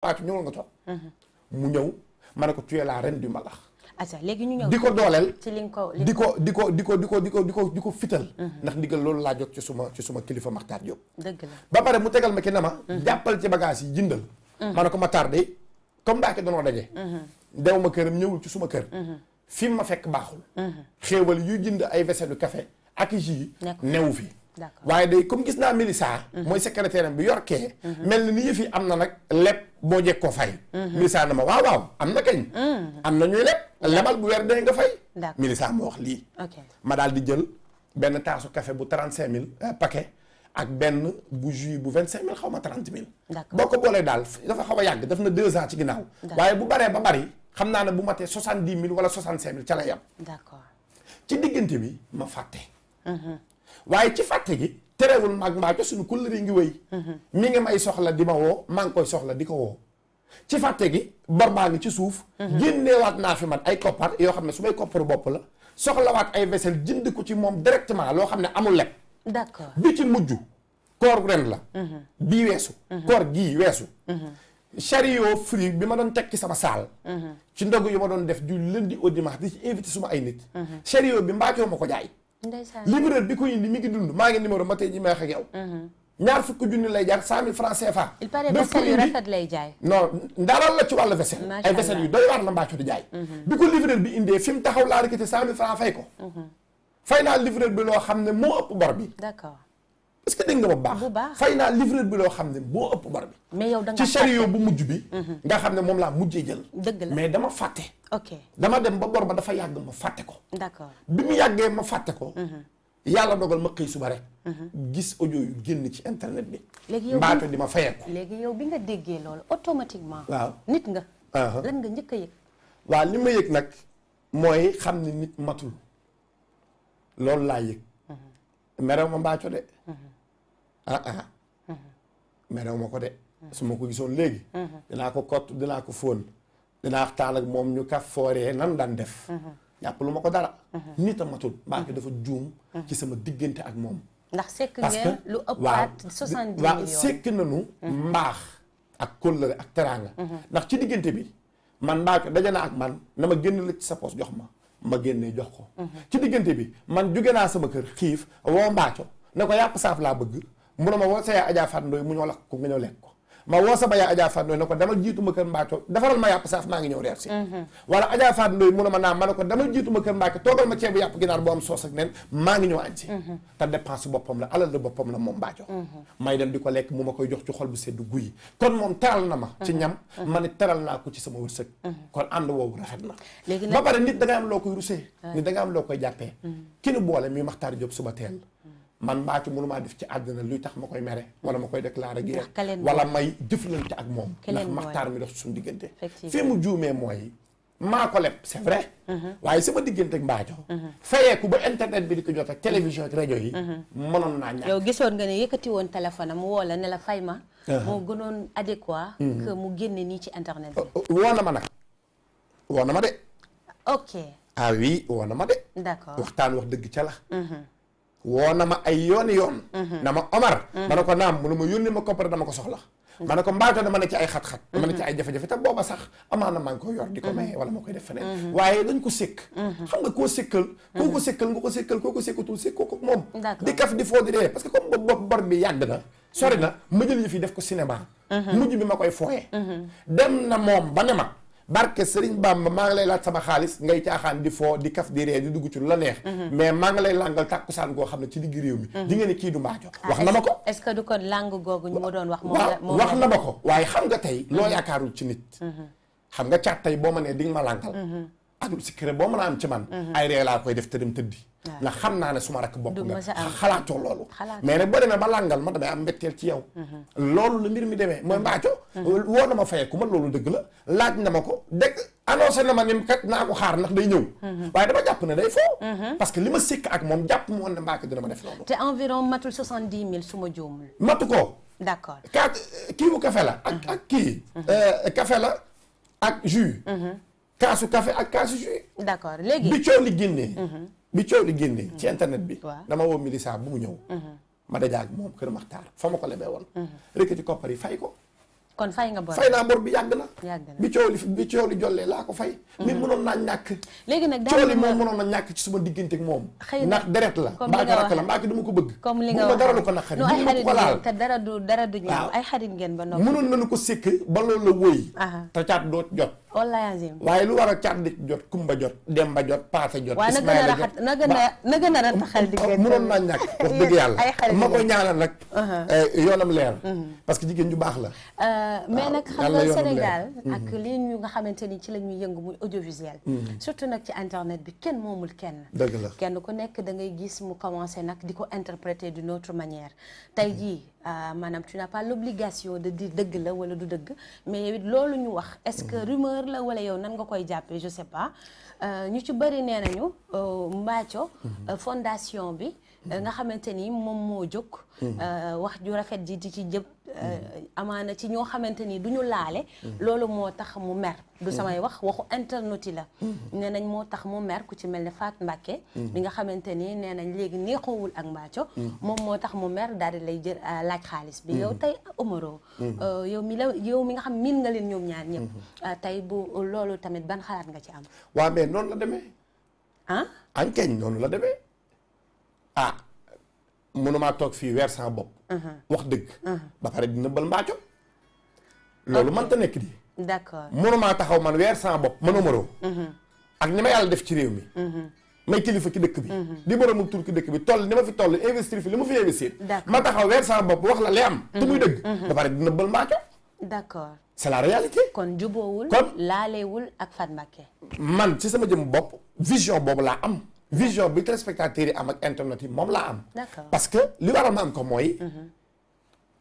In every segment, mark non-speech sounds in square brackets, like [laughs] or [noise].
Fatou ñëwal nga toog. mu ñëw ma ne ko tu es ren di du mbalax. ati léegi ñu di ko dooleel. ci li ko di ko di ko di ko di ko di ko di ko di ko fital. Mhm. ndax ndigal loolu laa jot ci suma ci suma kilifa Makhtar Diop. dëgg la ba pare mu tegal ma ki ne ma. Mhm. jàppal ci bagage yi jëndal. Mhm. ma ne ko ma tardé comme ndaake danoo daje. dew ma këram ñëwul ci suma kër. fi ma fekk baaxul. xéewal yu jënd ay vaisselle du café ak jus newu fii waaye day comme gis naa Mélissa mhm. mooy secrétaire am bi yor kee mhm. mel na ni yëf yi am na nag leb boo jeg koo fay Mélissa mhm. na ma waaw waaw am na kañ am na ñuy leb lebal bu weer dee nga fay Mélissa ma wax lii ma daal di jël benn taasu kafe bu trente cinq mille euh, paquet ak benn bu jus bu vingt cinq mille xaw ma trente mille boo ko boolee daal dafa xaw a yàgg daf na deux ans ci ginnaaw waaye bu baree ba bari xam naa ne bu matee soixante dix mille wala soixante cinq mille ca la ci diggante bi ma fàtte waaye ci fàtte gi terewul maag mbaaco suñu kulëri ngi wéy mi ngi may soxla di ma woo maa ngi koy soxla di ko woo ci fàtte gi bor baa ngi ci suuf génneewaat naa fi man ay koppar yoo xam ne su may koppar bopp la soxla soxlawaat ay vaisselle jënd ko ci moom directement loo xam ne amul leb d'accord bi ci mujj koor ren la mhm. bii weesu mhm. koor gii weesu mhm. chariot fruit bi ma doon teg ci sama saal ci ndog yi ma doon def du leen au dimanche di ci invité suma ay nit chariot bi mbaacoo ma ko jaay ndeysaan libéral bi ko indi mi ngi dund maa ngi numéro ma tey ji may wax ak yow. Mhm. ñaar fukki junni lay jaar cent mille francs CFA. il paraît vaisselle yu rafet lay jaay. la ci wàllu vaisselle. ay vaisselle yu doy waar la mbàccu di jaay. Mhm. bi ko livreur bi indee fi mu taxaw laa rëkkati cent mille francs fay ko. Mhm. fay naa livreur bi loo xam ne moo ëpp bor bi. est-ce que dégg baax bu baax fay naa livreur bi loo xam ne boo ëpp bar bi. mais yow da nga bi. Mhm. nga xam ne moom laa mujjee jël. dëgg la mais dama fàtte. ok dama dem ba bor ba dafa yàgg ma fàtte ko. d'accord bi mu yàggee ma fàtte ko. Mhm. yàlla dogal ma xëy suba rek. Mhm. gis audio yu génn ci internet bi. léegi yow mbaatu di ma fayeeku. léegi yow bi nga déggee loolu automatiquement. waaw nit nga. Uh-huh. lan nga njëkk a yëg. waaw li ma yëg nag mooy xam ne nit matul loolu laa yëg. merew ma mbaaco de. ah ah merew ma ko de su ma ko gisoon léegi dinaa ko kott dinaa ko fóon dinaa waxtaan ak moom ñu ka fooree nan daan def jàpp lu ma ko dara nit a matul mbaake juum ci sama diggante ak moom sekk ngeen lu ëppaat soixante-dix millions waaw sekk nañu mbaax ak kóllëre ak teraanga ndax ci diggante bi man mbaake daje na ak man na ma génn la ci sa poos jox ma ma génnee jox ko ci diggante bi man jóge naa sama kër xiif woo mbaaco ne ko yàpp saaf laa bëgg mu ne ma woo sa yaay Adja Fatou Ndoye mu ñoo lakk ko nga ñëw lekk ko ma woo sama yaay Adja Fatou na ko demal jiitu ma kër Mbacke defaral ma maa ngi ñëw reer si mhm. wala Adja Fatou Ndoye ne ma naa ma ne ko demal jiitu mhm. moom Mbacke mhm. may dem di ko lekk mu ma koy jox ci xol bu sedd guyi kon moom teral na ma ci ñam ma ne teral naa ko ci sama wërsëg kon ànd woowu rafet na ba pare nit da nga am loo koy rusee nit da am loo koy jàppee ki nu boole mi Maxtaar Jóob suba teel man mbaa ci maa def ci àddina luy tax ma koy mere wala ma koy déclarer guerre wala may jëflante ak moom ndax maxtaar mi dox suñu diggante fii mu juumee mooy maa ko leb c'est vrai mhm. waaye sama diggante ak mbaajo mhm. fayeeku ba internet bi di ko jot ak télévision ak rajo yi mhm. mënoon naa ñàkk yow gisoon nga ne yëkkati woon téléphone am woo la ne la fay ma moo gënoon adéquat que mu génne nii ci internet bi oh, oh, woo na ma nag woo na ma de ok ah oui woo ma de d'accord waxtaan wax dëgg ca la woo na ma ay yoon yoon mhm. na ma Omar mhm. ma ne ko naam mu ma yónni ma koppar dama ko soxla mhm. ma ne ko mbaatoo dama ne ci ay xat-xat dama ne ci ay jafe-jafe te booba sax amaana maa ngi koy yor di ko maye wala ma koy def feneen waaye dañ ko sékk xam nga koo sékkal koo ko sékkal nga ko sékkal koo ko sékkatul sékkoo ko moom di kaf di foo di dee parce que comme boobu bopp bor bi yàgg na sori na ma jël yëf yi def ko cinéma mujj bi ma koy fooyee dem na ba ne ma barke Serigne Bamba maa ngi lay laaj sama xaalis ngay caaxaan di foo di kaf di ree di dugg ci lu la neex. Mhm. mais maa ngi lay langal tàkkusaan goo xam ne ci digg réew mi. Mhm. di nga ne kii du mbaajo. Ah, wax na ma ko est ko langue googu ñu waaye xam nga tey. loo mhm. yaakaarul ci nit. xam nga caat tey boo ma nee di nga ma langal. ak lu si kër boo mën a am ci man. ay ree laa koy def te dem tëddi. ndax xam naa ne suma rakk bokk nga xalaatoo loolu mais nag boo demee ba langal ma damay am mbetteel ci yow mhm. loolu la mbir mi demee mooy mhm. mbaaco mhm. woo na ma fayeku ma loolu dëgg la laaj na ma ko dëgg annoncé na ma ni kat naa ko xaar ndax day ñëw waaye dama jàpp ne day foo parce que li ma sikk ak moom jàpp mu woon ne mbaaco dina ma def loolu te environ matul soixante-dix mille su ma juumul matu ko d'accord kii bu café la ak ak kii euh, café la ak jus kaasu café ak kaasu jus d'accord bi coow li génnee ci mm-hmm. internet bi dama woo Milisa bu mu ñëw mm-hmm. ma dajaag moom kër Maxtaar fa ma ko lebee woon mm-hmm. rëkkati koppar yi fay ko kon fay nga bor fay naa bor bi yàgg na bi coow li jollee laa ko fay mi mënoon naa ñàkk léegi nag coow moom mënoon na ñàkk ci suma diggante ak moom ndax deret la mbaa ko rakk la mbaa ko dama ko bëgg comme li nga wax dara lu ko naqari ay xarit ko laal te dara du dara du ñaaw ay xarit ngeen ba noppi mënoon nañu ko sikk ba loolu la wóy te caat doo jot wallaahi waaye lu war a càddi jot kumba jot demba jot paase jot. ismaila jot na gën a raxat na gën a rataxal diggante munoon naa ñàkk wax dëgg [laughs] yàlla ma ko ñaanal nag. Uh-huh. Eh, yoonam leer. Mm-hmm. parce que jigéen ju baax la. Euh, mais nag xam nga Sénégal mm-hmm. ak lii ñu nga xamante ni ci la ñuy yëngu muy audiovisuel. Mm-hmm. surtout nag ci internet bi kenn moomul kenn. dëgg la kenn ku nekk da ngay gis mu commencé nag di ko interpréter d'une autre manière tey jii. Euh, maanaam tu n'as pas l'obligation de dire dëgg la wala du dëgg mais loolu ñu wax est-ce que erreur la wala yow nan nga koy jàppee je sais pas euh, ñu ci bëri nee nañu euh, Mbathio mhm. euh, fondation bi nga xamante ni moom moo jóg hmm. euh, wax ju rafet ji di ci jëpp euh, hmm. amaana ci ñoo xamante ni duñu laale hmm. loolu moo tax mu mer du samay wax waxu internet yi la nee nañ moo tax mu mer ku ci mel ni Faat Mbàkke bi nga xamante ni nee nañ léegi neexoowul ak mbaaco moom moo tax mu mer daal di lay jël euh, laaj xaalis bi yow tey Omaro yow mi la yow mi nga xam miin nga leen ñoom ñaar ñëpp tey bu loolu tamit ban xalaat nga ci am waaw mais noonu la demee ah noonu la demee ah mënumaa toog fii weer sans bopp. Uh-huh. wax dëgg. Uh-huh. ba pare dina bal mbaaco. loolu mënta nekk di. d'accord maa taxaw man weer sans bopp mënumaroo. Uh-huh. ak ni ma yàlla def ci réew mi. may kilifa ki dëkk bi. di boroomu tur ci dëkk bi toll ni ma fi toll investir fi li ma fi investir. ma taxaw weer sama bopp wax la lay am. te muy dëgg. ba pare dina bël mbaaco. d'accord c'est la réalité. kon juboowul. kon laaleewul ak Fatma Mbacké. man ci sama jëm bopp vision boobu laa am. vision bi téléspectateur yi am ak internet yi moom laa am. parce que li waral ma am ko mooy.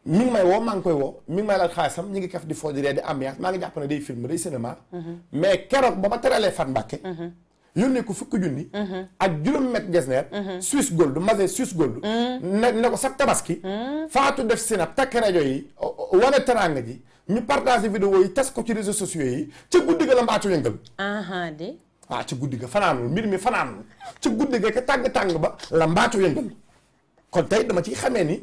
mi may woo maa ngi koy woo mi ngi may laal xaalisam ñu ngi kaf di foo di ree di ambiance maa ngi jàpp ne day film day cinéma. mais keroog ba ma teralee Fat Mbacké. yónnee ko fukk junni. ak juróom mètre gesner. Suisse Gold Mazé Suisse Gold. ne ne ko sax tabaski. faatu def sinap takk rajo yi wane teranga ji ñu partagé vidéo yi tas ko ci réseaux sociaux yi ca guddi waaw ah, ca guddi ga fanaanul mbir mi fanaanul ca guddi ga ka tàng-tàng ba la mbaatu yëngal kon tey dama ci xamee ni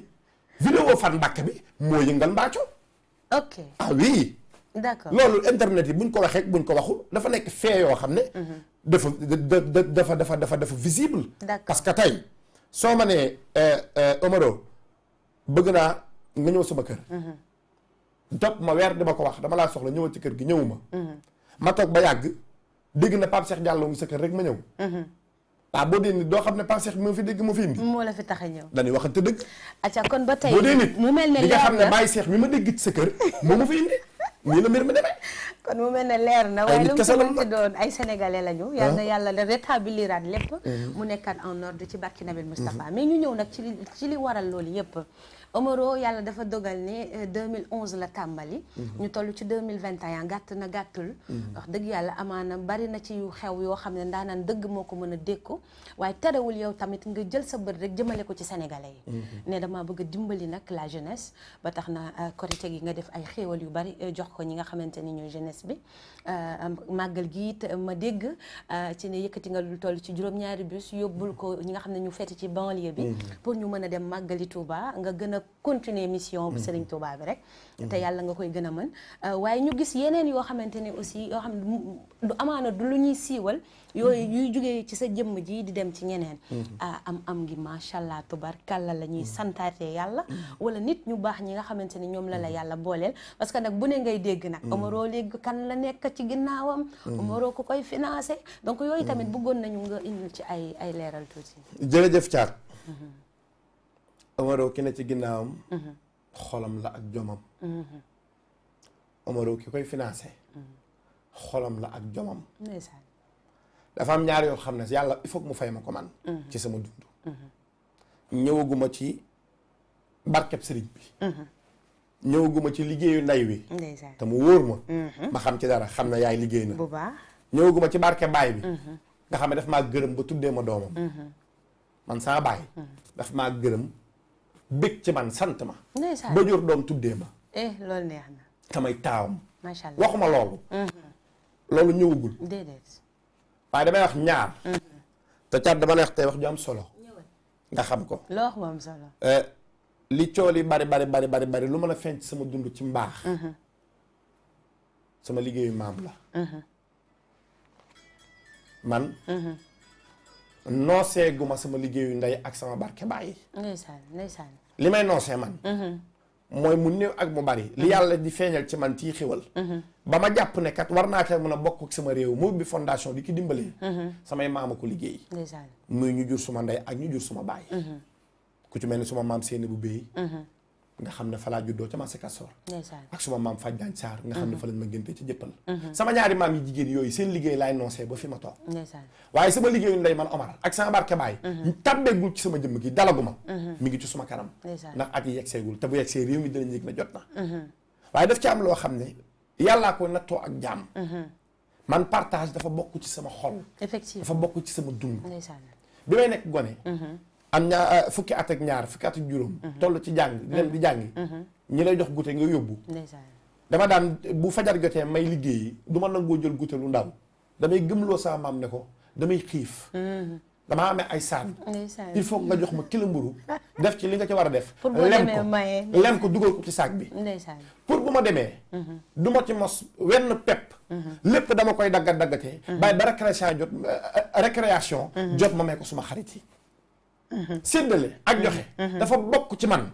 vidéo fan mbàkk bi moo yëngal mbaaco ok ah oui d'accord loolu internet yi buñ ko waxee buñ ko waxul dafa nekk fee yoo xam ne mhm. dafa dafa dafa dafa dafa visible parce que tey soo ma nee eh, eh, Omaro bëgg naa nga ñëw sama kër mhm. topp ma weer di ma ko wax dama laa soxla ñëwal ci kër gi ñëwuma mhm. ma toog ba yàgg dégg na Pape Cheikh Diallo ngi sa kër rek ma ñëw ah boo dee nit doo xam ne Pape Cheikh moo fi dégg moo fi indi moo la fi tax a ñëw dañuy waxante dëgg acca kon ba tey boo dee nit mu mel ne li nga xam ne Baye Cheikh mi ma dégg sa kër moo ma fi indi nii la mbir mi demee kon mu mel ne leer na waaye lu mu ci doon ay sénégalais lañu. Ah. yal na yàlla la rétabliraat lépp. Mm-hmm. mu nekkaat en ordre ci barki Nabil mm-hmm. Moustapha. mais ñu ñëw nag ci li waral loolu yépp Omaro yàlla dafa dogal ne 2011 euh, la tàmbali. Mm-hmm. ñu toll ci 2021 gàtt na gàttul. wax dëgg yàlla amaana bari na ci yu xew yoo xam ne ndaanaan dëgg moo ko mën a dékku waaye terewul yow tamit nga jël sa bët rek jëmale ko ci sénégalais yi. ne damaa bëgg dimbali nag la jeunesse ba tax na euh, korite gi nga def ay xéewal yu bari euh, jox ko ñi nga xamante ni ñooy presse bi euh, màggal gii it ma dégg euh, ci ne yëkkati nga lu toll ci juróom-ñaari bus yóbbul ko ñi nga xam ne ñu fete ci banlieue bi mhm. pour ñu mën a dem màggali Touba nga gën a continuer mission bu mhm. Serigne Touba bi rek te yàlla nga koy gën a mën euh, waaye ñu gis yeneen yoo xamante ne aussi yoo xam du amaana du lu ñuy siiwal yooyu mm-hmm. yuy jugee ci sa jëmm ji di dem ci ñeneen mm-hmm. ah am am ngi macha allah tubarkalla la ñuy mm-hmm. santaatee yàlla wala nit ñu baax ñi nga xamante ne ñoom la la yàlla booleel parce que nag bu ne ngay dégg nag Omaro léegi kan la nekk ci ginnaawam Omaro ku koy financé donc yooyu tamit bëggoon nañu nga indil ci ay ay leeral tuuti jërëjëf Thiat Omaro ki ne ci ginnaawam xolam la ak jomam Mm-hmm. Omaro ki koy financé. Mm-hmm. xolam la ak jomam. dafa am ñaar yoo xam ne yàlla il faut mu fay ma ko man. Mm-hmm. ci sama dund. ñëwaguma ci barkeb sëriñ bi. ñëwaguma ci liggéeyu nday wi. te mu wóor ma. ma xam ci dara xam ne yaay liggéey na. ñëwaguma ci barke baay bi. nga xam ne daf maa gërëm ba tuddee ma doomam. man sama baay. daf maa gërëm bëgg ci man sant ma. ba jur doom tuddee ma. eh loolu neex na. samay taawam. macha allah waxuma loolu. Mm-hmm. loolu ñëwagul. déedéet. waaye damay wax ñaar. Mm-hmm. te caat dama lay wax tey wax ju am solo. nga xam ko. Eh, li cool yi bari bari bari bari bari lu mën a feeñ sama dund ci mbaax. Mm-hmm. sama liggéeyu maam la. man. noosee guma sama liggéeyu ndey ak sama barke baay. li may noosee man. mooy mu néew ak mu bari li mhm. yàlla di feeñal ci man ci xéwal mhm. ba ma jàpp ne kat war naa cee mën a bokk ak sama réew mu bi fondation di ki dimbalee mhm. samay maama ko liggéey muy ñu jur suma ndey ak ñu jur suma baay ku ci mel ni suma maam seeni bu béy nga xam ne fa laa juddoo ca Massi Kassor ak suma maam Faj Daañ Saar nga xam ne mhm. fa lañ ma ngénte ca jëppal mhm. sama ñaari maam yi jigéen yooyu seen liggéey laay noncé ba fi ma toog waaye sama liggéeyu ndey ak sama barke baay mhm. tàbbeegul ci sama jëmm gi dalaguma mi ngi ci suma kanam ndax at yegseegul te bu yegsee réew mi dinañ yëg na jot na waaye daf ci am loo xam ne yàllaa ko nattoo ak jàmm man partage dafa bokk ci sama xol effectivement dafa bokk ci sama dund am ñaar euh, fukki at ak ñaar fukki at ak juróom. Mhm. toll ci jàng di dem di jàngi. Mhm. Mhm. ñi lay jox gute nga yóbbu. dama daan bu fajar gotee may liggéeyi duma ma nangoo jël gute lu ndaw damay gëmloo sama maam ne ko damay xiif. damaa amee ay saan il faut nga jox ma kilo mburu def ci li nga ci war a def lem ko lem ko dugal ko ci saak bi pour bu ma demee du ma ci mos wenn pep lépp dama koy daggat daggate bàyyi ba récréation jot euh, euh, jot ma may ko suma xarit yi séddale ak joxe. Mhm. dafa bokk ci man.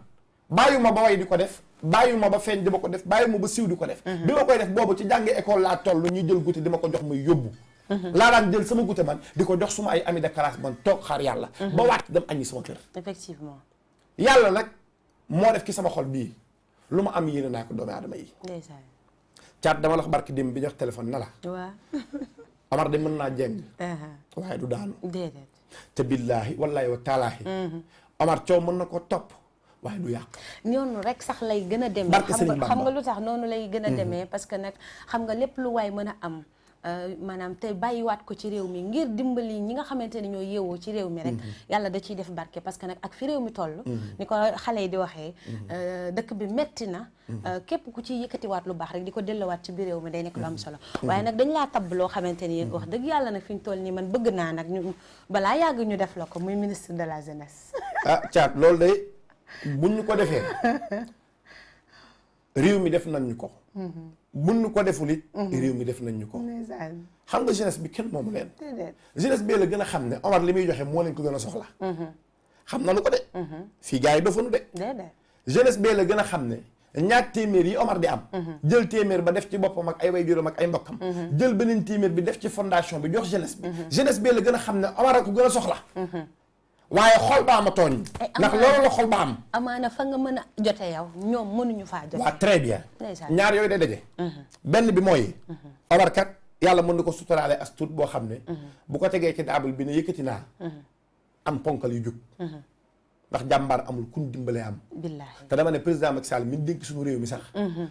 bàyyuma ba way di ko def. ma ba feeñ di ma ko def ma ba siiw di ko def. Mhm. bi ma koy def boobu ci jàngi école laa toll ñuy jël gute di ma ko jox muy yóbbu. Mhm. laa daan jël sama gute man di ko jox suma ay ami de classe man toog xaar yàlla. ba wàcc dem añi sama kër. yàlla nag moo def ki sama xol bii lu ma am yéene naa ko doomi aadama yi. ndeysaan. dama la wax barki démb bi ñu wax téléphone na la. waaw. Amar [laughs] de mën naa jeng. Uh-huh. waaye te billaahi wallaahi wa taalaahi mm-hmm. Omar mën na koo topp waaye du yàq ñoonu rek sax lay gën a demee xam nga lu tax noonu lay gën a mm-hmm. demee parce que nag xam nga lépp lu waay mën a am Euh, maanaam te bàyyiwaat ko ci réew mi ngir dimbali ñi nga xamante ni ñoo yeewoo ci réew mi rek mm-hmm. yàlla da ciy def barke parce que nag ak fi réew mi toll mm-hmm. ni ko xale yi di waxee mm-hmm. euh, dëkk bi metti na euh, képp ku ci yëkkatiwaat lu baax rek di ko dellowaat ci biir réew mi day nekk lu solo waaye nag dañ laa tabb loo xamante ni wax dëgg yàlla nag fi ñu toll nii man bëgg naa nag ñu balaa yàgg ñu def la ko muy ministre de la jeunesse [laughs] ah loolu day buñ ko defee mi def nañ ñu ko mun mm-hmm. nu ko deful it mm-hmm. réew mi def nañ ñu ko xam nga jeunesse bi kenn moomu leen jeunesse bee la gën a xam ne Omar li muy joxe moo leen ko gën a soxla mm-hmm. xam na nu ko de fii gars yi dofanu de jeunesse bee la gën a xam ne ñaar téeméer yi Omar di am jël téeméer ba def ci boppam ak ay waajuram ak ay mbokkam jël beneen téeméer bi def ci fondation bi jox jeunesse bi jeunesse bee la gën a xam ne Omar a ko gën a soxla waaye xol ba am a tooñ. Eh, ndax loolu la xol ba am. amaana fa nga mën a jote yow ñoom mënuñu faa jote. waaw ah, très bien. ñaar yooyu day daje. Mhm. benn bi mooy. Mhm. Omar yàlla mën na ko suturaale as tuut boo xam ne. Mhm. bu ko tegee ci daabal bi ne yëkkati naa. am ponkal yu jub. ndax jàmbaar amul kun dimbalee am billaahi te dama ne président Macky Sall mi dénk suñu réew mi sax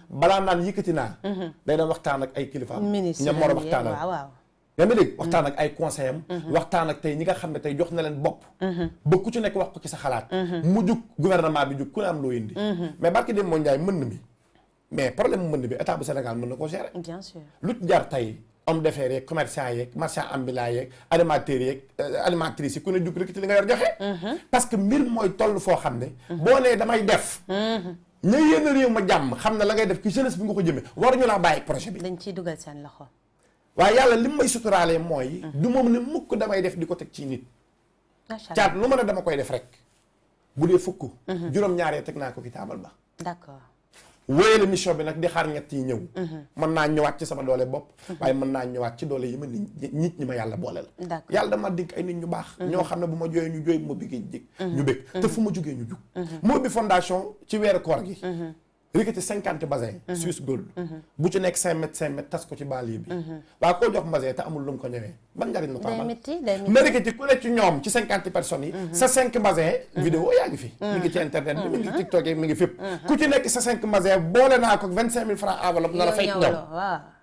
balaa naan yëkkati naa day doon waxtaan ak ay kilifa am ña mor waxtaanal waaw yaa ngi mm-hmm. waxtaan ak ay conseil am mm-hmm. waxtaan ak tey ñi nga xam ne tey jox na leen bopp mm-hmm. ba ku ci nekk wax ko ci sa xalaat mu jug gouvernement bi jug ku ne am loo indi mais barki dem moo njaay mën mi mais problème mu mën bi état bu Sénégal mën na koo gérer bien sûr lu jar tey homme d'affaires yeeg commerçant yeeg marchand ambulant yeeg animateurs yeeg euh, animatrices yi ku ne jug rek ci li nga yor joxe parce que mbir mooy toll foo xam ne boo nee damay def ña yéen a réew ma jàmm la ngay def ki jeunesse bi nga ko jëmee waruñu laa bàyyi projet bi dañ ciy dugal seen loxo waaye yàlla li may suturaalee mooy. Mm-hmm. du moom ne mukk damay def di ko teg ci nit. caat lu ma ne dama koy def rek. bu dee fukk. Mm-hmm. juróom-ñaaree teg naa ko ci taabal ba. d'accord wéyale mission bi nag di xaar ñett yi ñëw. Mm-hmm. mën naa ñëwaat ci sama doole bopp. waaye mën naa ñëwaat ci doole yi ma nit ñi ma yàlla boole la. yàlla dama dénk ay nit ñu baax. ñoo xam ne bu ma jooyee ñu jooy bu ma bëggee jég. ñu bëgg te fu ma jugee ñu jug. moo bi fondation ci weeru koor gi. yëkkati cinquante basin Suisse Gold bu ci nekk cinq mètres cinq mètres tas ko ci banlieue bi waaye koo jox basin te amul lu ko ñëwee ban njariñ la ko amal mais yëkkati ku ne ci ñoom ci cinquante personnes yi sa cinq basin vidéo yaa ngi fi mi ngi ci internet bi mi ngi TikTok yi mi ngi fépp mm-hmm. ku ci nekk sa cinq basin boole naa ko vingt cinq mille francs enveloppe na la fay ñëw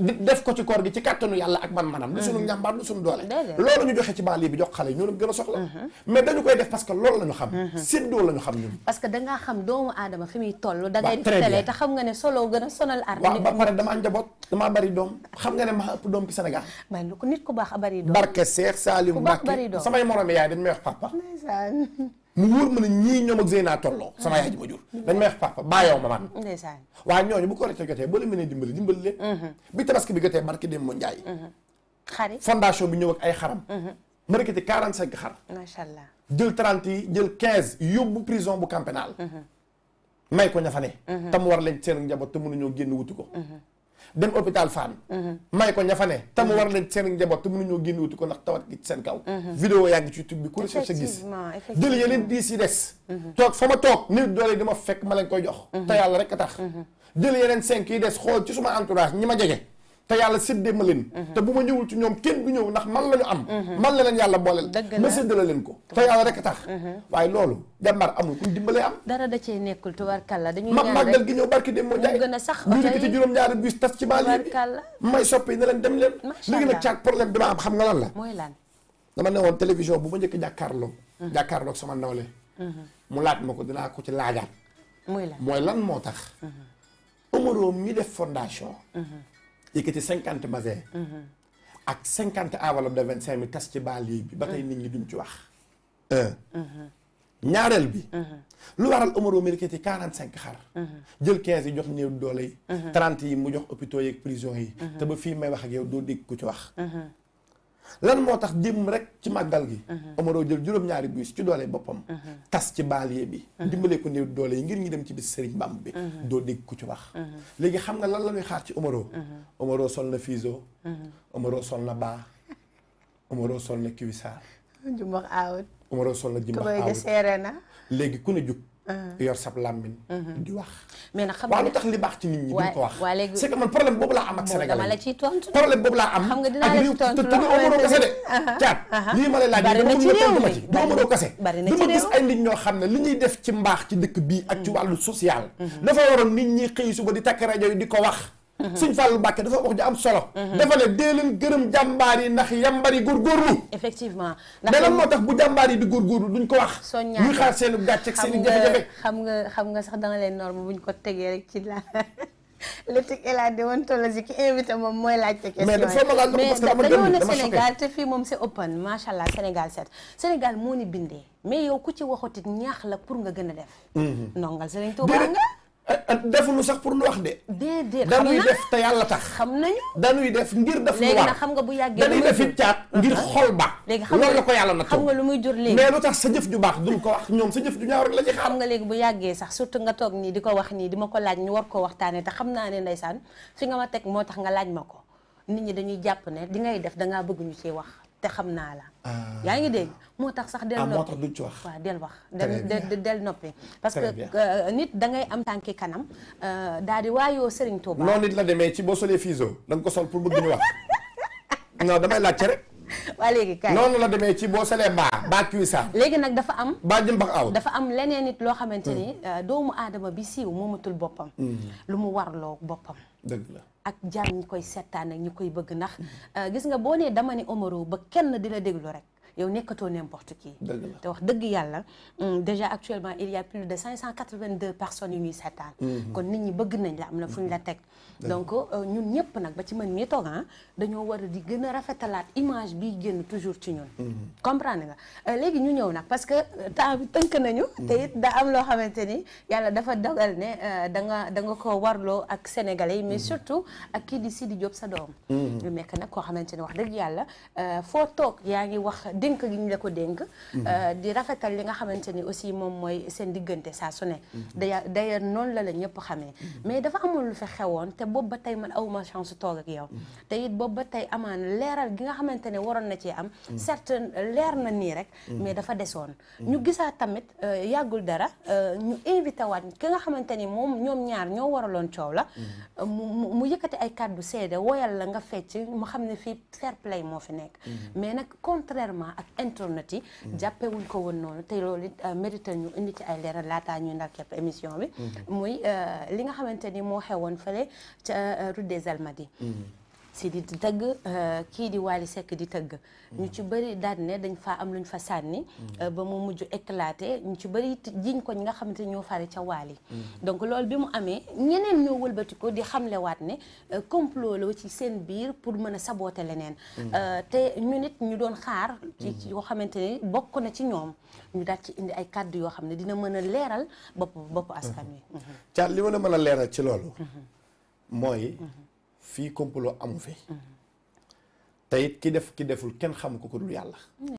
def ko ci koor gi ci kàttanu yàlla ak man manam lu sunu njàmbaar lu sunu doole loolu ñu joxe ci banlieue bi jox xale yi ñoo gën a soxla uh-huh. mais uh-huh. dangaa xam doomu aadama fi muy toll da ngay tele te xam nga ne solo gën a sonal ar ba pare damaa njaboot damaa bari doom xam nga ne maa ëpp doom ci Sénégal may nit ku baax a bari doom barke Seex Saaliw Mbàkke samay moroom yaay dañ may wax papa mu wóor ma ne ñii ñoom ak Zeyna tolloo sama yaay ji ma jur mm. dañ may wax papa bàyyoo ma man ndeysaan waaye ñooñu bu ko recco jotee boo leen mënee dimbali dimbali leen mm-hmm. bi tabaski bi jotee barki dem moo njaay mm-hmm. fondation bi ñëw ak ay xaram mm-hmm. ma rekkati quarante cinq xar macha allah jël trente jël quinze yóbbu prison bu camp pénal may ko ña fa ne tam war leen seen njaboot te mënuñoo génn wuti ko dem hôpital fan mhm. may ko ña fa ne te mu mhm. war leen seen njaboot te mënuñoo génn wuti ko ndax tawat gi seen kaw mhm. vidéo yaa ngi ci YouTube bi ku recherche gis jël yeneen diis yi des toog fa ma toog nit doole di ma fekk ma leen koy jox te yàlla rek a tax jël yeneen cinq yi des xool ci suma entourage ñi ma jege te yàlla séddee ma leen te bu ma ñëwul ci ñoom kenn du ñëw ndax man la am mhm. man la leen yàlla booleel ma séddale leen ko te yàlla rek tax mhm. waaye loolu jàmbaar amul ku dimbalee am dara da cee nekkul tubarkalla dañuy ñaan rek màggal dem moo jaay gën a sax ñu yëkkati juróom-ñaari bus tas ci baal yi may soppi ne leen dem leen léegi a caag problème bi ma am xam nga lan la mooy lan dama ne woon télévision bu ma njëkk jàkkaarloo mhm. jàkkaarloo ak sama nawle mu laaj ma ko dinaa ko ci laajaat mooy lan mooy lan moo tax Omaro mi def fondation yëkkati cinquante basin ak cinquante enveloppe de vingt cinq mille tas ci banlieue bi ba tey nit ñi duñ ci wax un ñaareel bi lu waral Omaro mi yëkkati quarante cinq xar jël quinze yi jox néew doole yi trente yi mu jox hôpitaux yeeg prison yi te ba fii may wax ak yow doo dégg ku ci wax lan moo tax démb rek ci màggal gi. Uh-huh. Omaro jël juróom-ñaari bus ci doole boppam. Uh-huh. tas ci banlieue bi. Uh-huh. dimbale ko néew doole yi ngir ñu dem ci bis Serigne Bamb bi. doo dégg ku ci wax. léegi xam nga lan la ñuy xaar ci Omaro. Omaro sol na Fiso. Omaro sol na Ba. Omaro sol na Kiwisaar. Jumbax Aawut. Omaro sol na Jumbax na léegi ku ne jug. Euh. yor sab làmmiñ mhm. di wax. mais nag xam nga lu tax li baax ci nit ñi. duñ ko wax c'est que man problème boobu laa am ak Sénégal problème boobu laa am. xam nga dinaa la ci tontu te de. caat lii ma lay laaj dama bëgg nga tontu ma ci du Omaro gis ay nit ñoo xam ne li ñuy def ci mbaax ci dëkk bii ak ci mm. wàllu social. Mm-hmm. dafa waroon nit ñi xëy suba di takk rajo yi di ko wax. Mhm. sëñ Fallou Mbacke dafa wax ju am solo. Mhm. dafa ne dee leen gërëm jàmbaar yi ndax yambar yi góorgóorlu. effectivement ndax moo tax bu jàmbaar yi di góorgóorlu duñ ko wax. soo ñuy xaar seen gàcce ak seen xam nga xam nga sax danga leen norme buñ ko tegee rek ci la. [laughs] l'éthique et la déontologie ki invité moom mooy laajte mais dañoo ne Sénégal te fii moom c'est open macha allah Sénégal set Sénégal moo ni bindee mais yow ku ci waxatit ñaax la pour nga gën a def. Mhm. ndongal Sëriñ Tuubaa nga. defuñu sax pour nu wax de. déedéet dañuy def te yàlla tax. xam nañu dañuy def ngir def. lu war xam nga bu yàggee dañuy def it caat ngir xol ba. léegi xam nga loolu la yàlla na xam lu muy jur léegi. mais lu tax sa jëf ju baax duñ ko wax ñoom sa jëf ju ñaaw rek la xam nga léegi bu yàggee sax surtout nga toog nii di ko wax nii di ma ko laaj ñu war ko waxtaanee te xam naa ne ndeysaan fi nga ma teg moo tax nga laaj ma ko nit ñi dañuy jàpp ne di ngay def dangaa bëgg ñu ci wax te xam naa la. Ah. yaa ngi dégg moo tax sax. del ah, noppi moo tax duñ ci wax. waaw wax del parce que euh, nit da ngay am tànki kanam euh, daal di waayoo Serigne Touba. noonu nit la demee ci boo solee fiso da nga ko sol pour bëgg ñu wax [laughs] non damay laajte rek. [laughs] waa léegi kaay noonu la demee ci boo salee baa baa sax léegi nag dafa am baa jëmbax aw dafa am leneen nit loo xamante ni hmm. euh, doomu aadama bi siiw moomatul boppam hmm. lu mu warloo boppam dëgg ak jaam ñi koy seetaan ak ñi koy bëgg ndax hmm. euh, gis nga boo nee dama ne Omaro ba kenn di la déglu rek yow nekkatoo n'importe qui te wax dëgg yàlla déjà actuellement il y a plus de 582 personnes yu ñuy seetaan kon nit ñi bëgg nañ la am na fu ñu la teg donc euh, ñun ñëpp nag ba ci man mi toog ah, dañoo war a di gën a rafetalaat image bi génn toujours ci ñun comprendre nga euh, léegi ñu ñëw nag parce que euh, temps bi tënk nañu te it da am loo xamante ni yàlla dafa dogal ne da nga da nga ko warloo ak sénégalais mais surtout ak kii di di Diop sa doom ñu nekk nag koo xamante ni wax dëgg yàlla foo toog yaa ngi wax dénk gi ñu la ko dénk. Mhm. Euh, di rafetal li nga xamante ni aussi moom mooy seen diggante saa su ne. Mhm. d'ailleurs noonu la la ñëpp xamee. Mhm. mais dafa amoon lu fi xewoon te boobu ba tey man awuma chance toog ak yow. te it boobu ba tey amaan leeral gi nga xamante ne waroon na cee am. certes leer na nii rek. mais dafa desoon. ñu gisaa tamit euh, yàggul dara euh, ñu invité waat ki nga xamante ni moom ñoom ñaar ñoo waraloon coow la. mu mu yëkkati ay kàddu seede woyal la nga fecc mu xam ne fii moo fi nekk. ak internet yi mm. jàppewuñ ko woon noonu te loolu it euh, mérite ñu indi ci ay leeral laataa ñu ndar képp émission bi mm-hmm. muy euh, li nga xamante ni moo xewoon fële ci euh, rue des Almadies mm-hmm. si di tëgg euh, kii di Wally Seck di tëgg ñu ci bëri daan ne dañ faa am lu luñ fa sànni euh, ba mu mujj éclaté ñu ci bëri jiñ ko ñi nga xamante ñoo fare ca Wally donc loolu bi mu amee ñeneen ñoo wëlbati ko di xamlewaat ne euh, complot la ci seen biir pour mën a saboter leneen te ñu nit ñu doon xaar yoo xamante ne bokk na ci ñoom ñu daal ci indi ay kàddu yoo xam ne dina mën a leeral bopp bopp askan wi caat li mën mën a leeral ci loolu mhm. mooy mhm. fii complot amu fi. Mm-hmm. te it ki def ki deful kenn xam ko ko